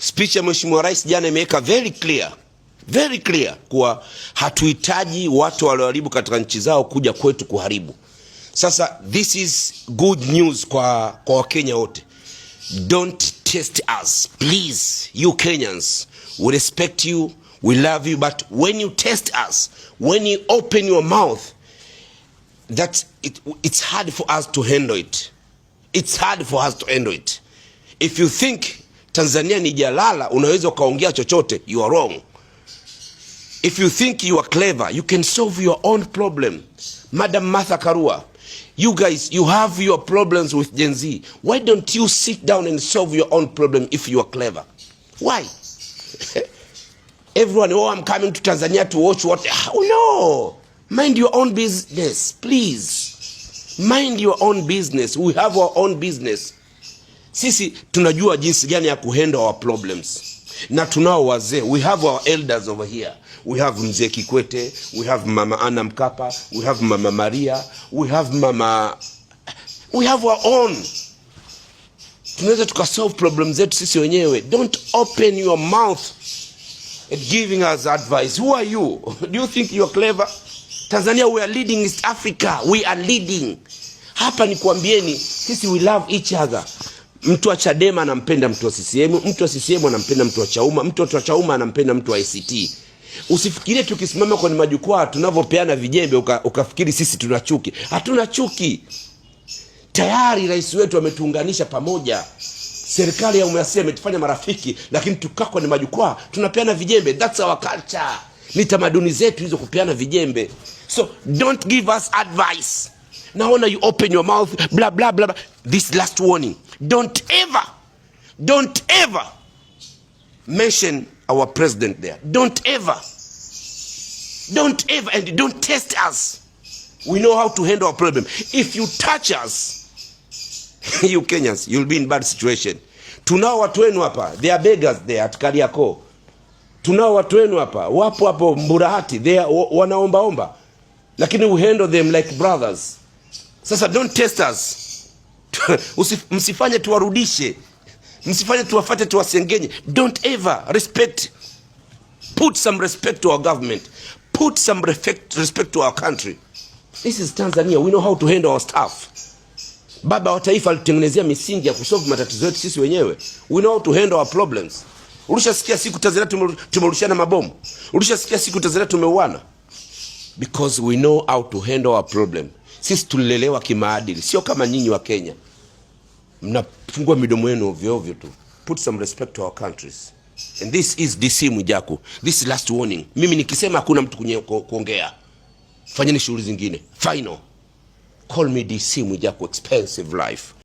Speech ya Mheshimiwa Rais jana imeweka very clear very clear kuwa hatuhitaji watu walioharibu katika nchi zao kuja kwetu kuharibu. Sasa this is good news kwa, kwa Wakenya wote. Don't test us please, you Kenyans, we respect you, we love you, but when you test us, when you open your mouth that it, it's hard for us to handle it. It's hard for us to handle it if you think Tanzania ni jalala, unaweza ukaongea chochote. You are wrong if you think you are clever, you can solve your own problem. Madam Martha Karua, you guys, you have your problems with Gen Z. Why don't you sit down and solve your own problem if you are clever? Why? Everyone, oh, I'm coming to Tanzania to watch what? Oh, no. Mind your own business, please. Mind your own business. We have our own business sisi tunajua jinsi gani ya kuhandle our problems na tunao wazee, we have our elders over here. We have mzee Kikwete, we have mama ana Mkapa, we have mama Maria, we have mama, we have our own. Tunaweza tukasolve problem zetu sisi wenyewe. Don't open your mouth at giving us advice. Who are you? Do you think you are clever? Tanzania, we are leading East Africa. We are leading hapa, ni kuambieni sisi, we love each other Mtu wa Chadema anampenda mtu wa CCM, mtu wa CCM anampenda mtu wa Chauma, mtu wa Chauma anampenda mtu wa ACT. Usifikirie tukisimama kwenye majukwaa tunavyopeana vijembe uka, ukafikiri sisi tuna chuki. Hatuna chuki. Tayari rais wetu ametuunganisha pamoja. Serikali ya umeasia imetufanya marafiki, lakini tukaa kwenye majukwaa tunapeana vijembe. That's our culture. Ni tamaduni zetu hizo kupeana vijembe. So don't give us advice. Naona you open your mouth blah blah blah. This last warning. Don't ever, don't ever mention our president there. Don't ever, don't ever, and don't test us. We know how to handle our problem. If you touch us, you Kenyans, you'll be in bad situation. Tunao watu wenu hapa, they are beggars there at Kariakoo. Tunao watu wenu hapa, wapo hapo Mburahati, they are wanaombaomba, lakini we handle them like brothers. Sasa don't test us. msifanye tuwarudishe, msifanye tuwafate, tuwasengenye. Don't ever respect, put some respect to our government, put some respect, respect to our country. This is Tanzania, we know how to handle our staff. Baba wa taifa alitutengenezea misingi ya kusolve matatizo yetu sisi wenyewe. We know how to handle our problems. Ulishasikia siku Tanzania tumerushana mabomu? Ulishasikia siku Tanzania tumeuana? Because we know how to handle our problem. Sisi tulilelewa kimaadili, sio kama nyinyi wa Kenya mnafungua midomo yenu ovyo ovyo tu. Put some respect to our countries and this is DC Mwijaku, this is last warning. Mimi nikisema hakuna mtu kuongea, fanyeni shughuli zingine. Final, call me DC Mwijaku, expensive life.